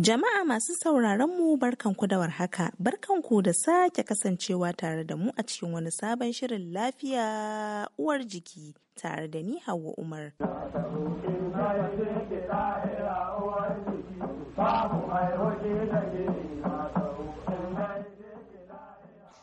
Jama'a masu sauraron mu barkanku da barkan ku da sake kasancewa tare da mu a cikin wani sabon shirin lafiya uwar jiki tare da ni Hauwa Umar.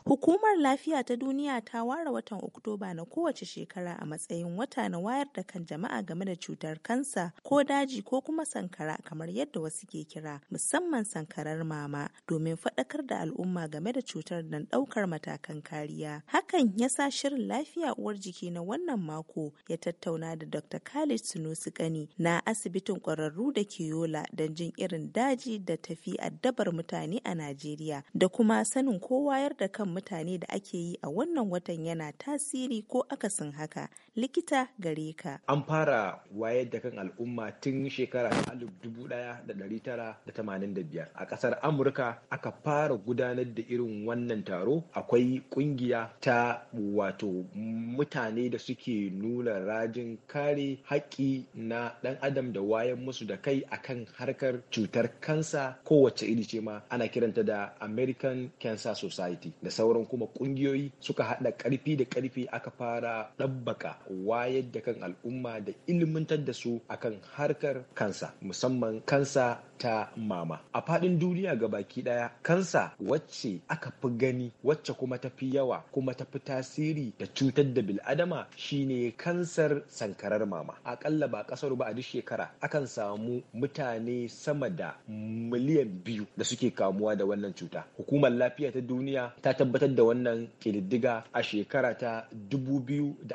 Hukumar Lafiya ta Duniya ta ware watan Oktoba na kowace shekara a matsayin wata na wayar da kan jama'a game da cutar kansa ko daji ko kuma sankara kamar yadda wasu ke kira musamman sankarar mama domin faɗakar da al'umma game da cutar don ɗaukar matakan kariya. Hakan ya sa shirin lafiya uwar jiki na wannan mako ya tattauna da Dr. Khalid Sunusi Kani na asibitin ƙwararru da ke Yola don jin irin daji da tafi addabar mutane a Najeriya da kuma sanin ko wayar da kan mutane da ake yi a wannan watan yana tasiri ko akasin haka likita gare ka. An fara wayar da kan al'umma tun shekara ta alif dubu da da da tara tamanin biyar. a ƙasar Amurka aka fara gudanar da irin wannan taro akwai ƙungiya ta wato mutane da suke nuna rajin kare haƙƙi na ɗan adam da wayan musu da kai akan harkar cutar kansa kowace iri ce ma ana kiranta da American Cancer Society da sauran sauran kuma kungiyoyi suka haɗa ƙarfi da ƙarfi aka fara ɗabbaka wayar da kan al'umma da ilmantar da su akan harkar kansa musamman kansa ta mama a faɗin duniya ga baki ɗaya kansa wacce aka fi gani wacce kuma ta fi yawa kuma ta fi tasiri da cutar da bil'adama shine kansar sankarar mama aƙalla ba ƙasar ba a duk shekara akan samu mutane sama da miliyan biyu da suke kamuwa da wannan cuta hukumar lafiya ta duniya ta tabbatar da wannan ƙididdiga a shekara ta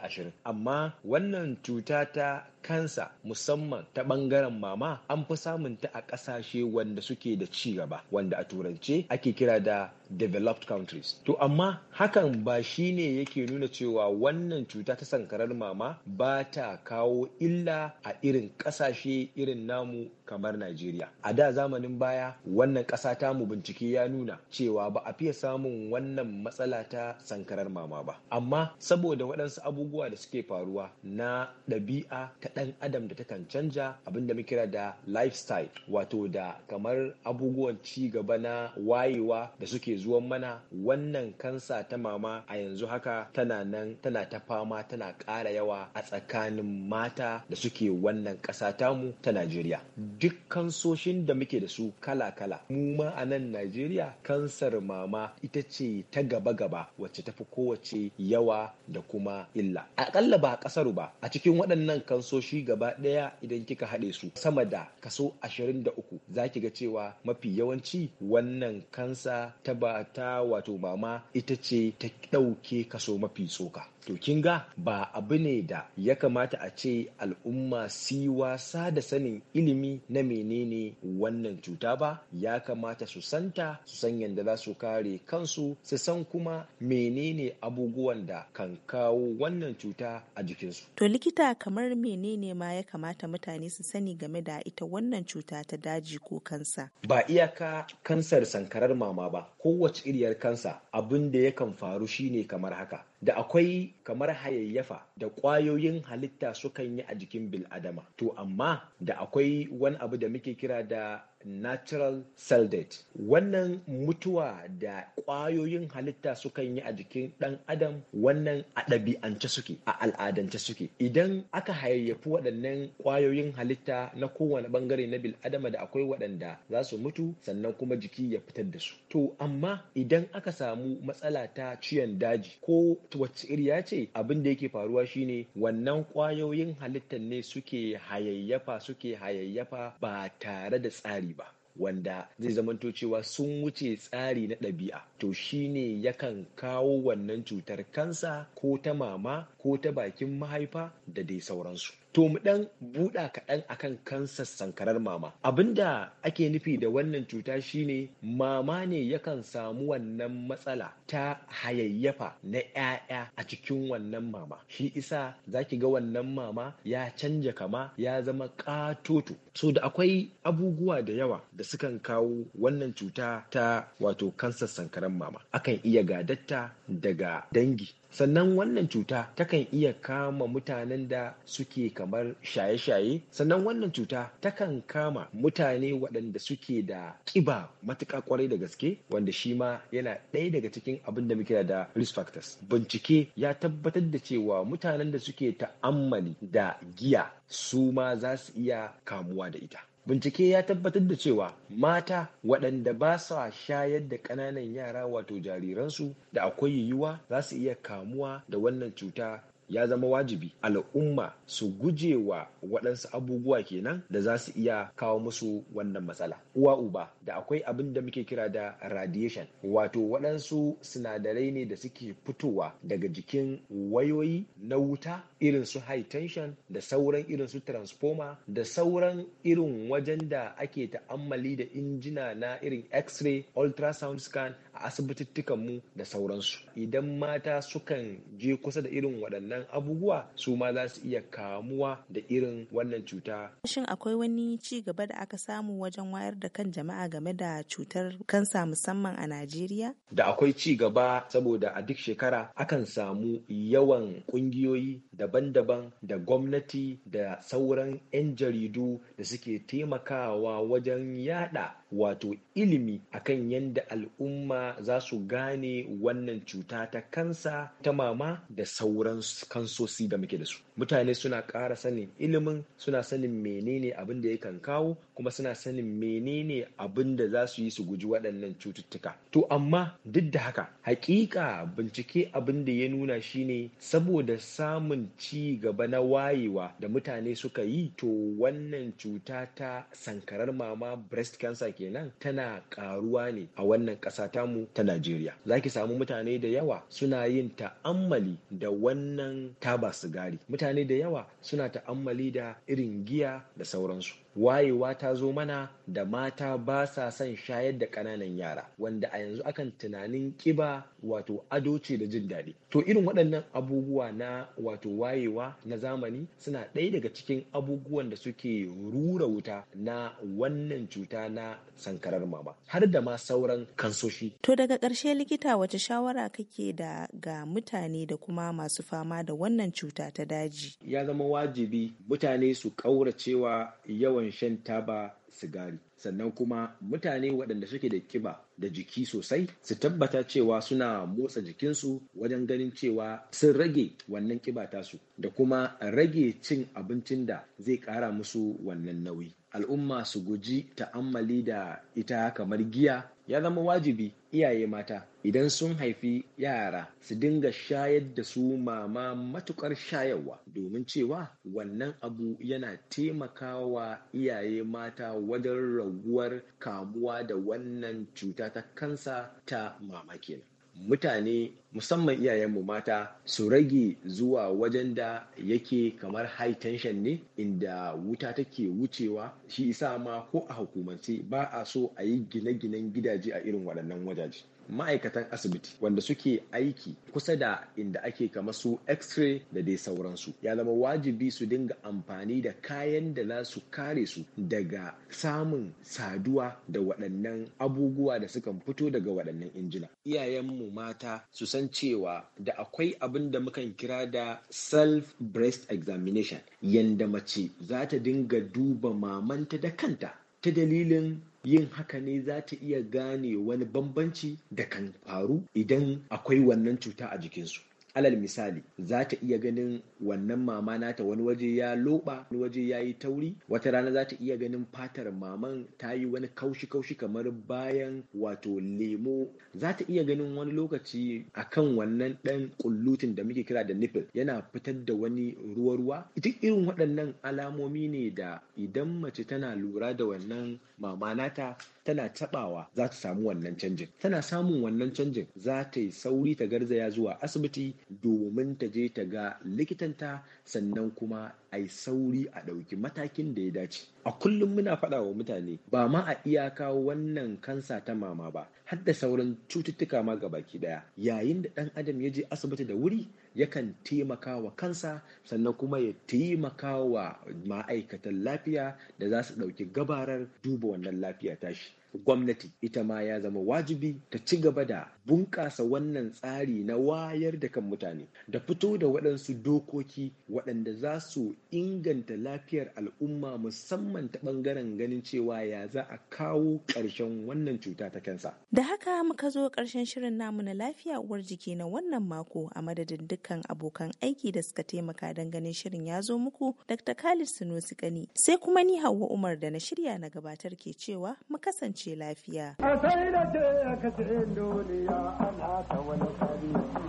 ashirin amma wannan cuta ta kansa musamman ta bangaren mama an fi samun ta a ƙasashe wanda suke da ci gaba wanda a turance ake kira da developed countries. To amma hakan ba shi ne yake nuna cewa wannan cuta ta sankarar mama ba ta kawo illa a irin ƙasashe irin namu kamar Najeriya. A da zamanin baya wannan ƙasa ta mu bincike ya nuna cewa ba a fiye samun wannan matsala ta sankarar mama ba. Amma saboda waɗansu abubuwa da suke faruwa na ɗabi'a ta ɗan adam da takan canja abin da kira da lifestyle wato da kamar abubuwan ci gaba na wayewa da suke zuwan mana wannan kansa ta mama a yanzu haka tana nan tana ta fama tana ƙara yawa a tsakanin mata da suke wannan ƙasa mu ta Najeriya. Duk kansoshin da muke da su kala-kala. Mu ma a nan Najeriya kansar mama ita ce ta gaba-gaba wacce tafi kowace yawa da kuma illa. Aƙalla ba ƙasar ba a cikin waɗannan kansoshi gaba ɗaya idan kika haɗe su sama da kaso 23 za ki ga cewa mafi yawanci wannan kansa ta ba ta wato mama ita ce ta ɗauke kaso mafi tsoka to kin ga ba abu ne da ya kamata a ce al'umma si wasa da sanin ilimi na menene wannan cuta ba ya kamata su santa su san yadda za su kare kansu su san kuma menene abubuwan da kan kawo wannan cuta a jikinsu to likita kamar menene ma ya kamata mutane su sani game da ita wannan cuta ta daji ko kansa ba iyaka kansar sankarar mama ba ko kowace iriyar kansa abin da yakan faru shine kamar haka da akwai kamar hayayyafa da ƙwayoyin halitta sukan yi a jikin bil'adama to amma da akwai wani abu da muke kira da natural cell death wannan mutuwa da ƙwayoyin halitta sukan yi a jikin ɗan adam wannan a ɗabi'ance suke a al'adance suke idan aka hayayyafi waɗannan ƙwayoyin halitta na kowane ɓangare na bil adama da akwai waɗanda za su mutu sannan kuma jiki ya fitar da su to amma idan aka samu matsala ta ciyan daji ko wacce iriya ce abin da yake faruwa shine wannan ƙwayoyin halittar ne suke hayayyafa suke hayayyafa ba tare da tsari tsari ba wanda zai zamanto cewa sun wuce tsari na ɗabi'a to shine yakan kawo wannan cutar kansa ko ta mama ko ta bakin mahaifa da dai sauransu to mu dan buɗa kaɗan akan kansar sankarar mama abinda ake nufi da wannan cuta shine mama ne yakan samu wannan matsala ta hayayyafa na 'ya'ya a cikin wannan mama shi isa zaki ga wannan mama ya canja kama ya zama ƙatoto so da akwai abubuwa da yawa da sukan kawo wannan cuta ta wato kansar sankarar mama akan iya gadatta daga dangi sannan wannan cuta takan iya kama mutanen da suke kamar shaye-shaye sannan wannan cuta takan kama mutane waɗanda suke da ƙiba matuƙa ƙwarai da gaske wanda shi ma yana ɗaya daga cikin abin da muke da risk factors bincike ya tabbatar da cewa mutanen da suke ta'ammali da giya su ma za su iya kamuwa da ita. Bincike ya tabbatar da cewa mata waɗanda ba sa shayar da ƙananan yara wato jariransu da akwai yiwuwa za su iya kamuwa da wannan cuta ya zama wajibi al'umma su gujewa waɗansu abubuwa kenan da za su iya kawo musu wannan matsala uwa uba da akwai abin da muke kira da radiation wato waɗansu sinadarai ne da suke fitowa daga jikin wayoyi na wuta irin su high tension da sauran irin su transformer da sauran irin wajen da ake ta'ammali da injina na irin x-ray ultrasound scan a asibitittukan mu da sauransu idan mata sukan je kusa da irin waɗannan abubuwa su ma za su iya kamuwa da irin wannan cuta shin akwai wani ci gaba da aka samu wajen wayar da kan jama'a game da cutar kansa musamman a Najeriya da akwai ci gaba saboda a duk shekara akan samu yawan ƙungiyoyi daban-daban da gwamnati da sauran 'yan jaridu da suke taimakawa wajen yada wato ilimi akan yadda al'umma za su gane wannan cuta ta kansa ta mama da sauran kansosi da muke da su mutane suna ƙara sanin ilimin suna sanin menene abin da yakan kawo kuma suna sanin menene abin da za su yi su guji waɗannan cututtuka to amma duk da haka hakika bincike abin da ya nuna shine saboda samun ci gaba na wayewa da mutane suka yi to wannan cuta ta sankarar mama breast cancer ke kenan tana karuwa ne a wannan ƙasa mu ta Najeriya. Za ki samu mutane da yawa suna yin ta'ammali da wannan taba sigari. Mutane da yawa suna ta'ammali da irin giya da sauransu. wayewa ta zo mana da mata ba sa son shayar da ƙananan yara wanda a yanzu akan tunanin kiba wato ado ce da jin daɗi to irin waɗannan abubuwa na wato wayewa na zamani suna ɗaya daga cikin abubuwan da suke rura wuta na wannan cuta na sankarar mama har da ma sauran kansoshi to daga ƙarshe likita wace shawara kake da ga mutane da kuma masu fama da wannan cuta ta daji ya zama wajibi mutane su ƙauracewa yawan yawan shan taba sigari sannan kuma mutane waɗanda suke da kiba da jiki sosai su tabbata cewa suna motsa jikinsu wajen ganin cewa sun rage wannan kiba tasu da kuma rage cin abincin da zai ƙara musu wannan nauyi al'umma su guji ta'ammali da ita kamar giya ya zama wajibi iyaye mata idan sun haifi yara su dinga shayar da su mama matukar shayarwa domin cewa wannan abu yana taimakawa iyaye mata wajen raguwar kamuwa da wannan cuta ta kansa ta mamakin. mutane musamman iyayenmu mata su rage zuwa wajen da yake kamar high tension ne inda wuta take wucewa shi isa ma ko a hukumance ba a so a yi gine-ginen gidaje a irin waɗannan wajaje ma'aikatan asibiti wanda suke aiki kusa da inda ake kama su x-ray da dai sauransu ya zama wajibi su dinga amfani da kayan da za su kare su daga samun saduwa da waɗannan abubuwa da sukan fito daga waɗannan injina iyayenmu mata su san cewa da akwai abin da mukan kira da self breast examination yanda mace za ta dinga duba mamanta da kanta ta dalilin yin haka ne za ta iya gane wani bambanci da kan faru idan akwai wannan cuta a jikinsu alal misali za ta iya ganin wannan mama nata wani waje ya loba wani waje ya yi tauri wata rana za ta iya ganin fatar maman ta yi wani kaushi kaushi kamar bayan wato lemo za ta iya ganin wani lokaci akan wannan dan kullutin da muke kira da nipple yana fitar da wani ruwa ruwa duk irin waɗannan alamomi ne da idan mace tana lura da wannan mama nata tana tabawa za ta samu wannan canjin tana samun wannan canjin za ta yi sauri ta garzaya zuwa asibiti domin ta je ta ga likitanta sannan kuma a yi sauri a ɗauki matakin da ya dace a kullum muna faɗa wa mutane ba ma a iyaka wannan kansa ta mama ba har da sauran cututtuka ma ga baki ɗaya yayin da ɗan adam ya je asibiti da wuri yakan taimaka wa kansa sannan kuma ya taimaka wa ma'aikatan lafiya da za su ɗauki gabarar duba wannan lafiya tashi gwamnati ita ma ya zama wajibi ta ci gaba da bunƙasa wannan tsari na wayar da kan mutane da fito da waɗansu dokoki waɗanda za su inganta lafiyar al'umma musamman ta ɓangaren ganin cewa ya za a kawo ƙarshen wannan cuta ta kansa. Da haka muka zo ƙarshen shirin namu na lafiya uwar jiki na wannan mako a madadin dukkan abokan aiki da suka taimaka don ganin shirin ya zo muku Dr. Khalid Sunusi Kani sai kuma ni Hauwa Umar da na shirya na gabatar ke cewa mu kasance huce lafiya. ce duniya ana ta wani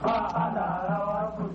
ana rawa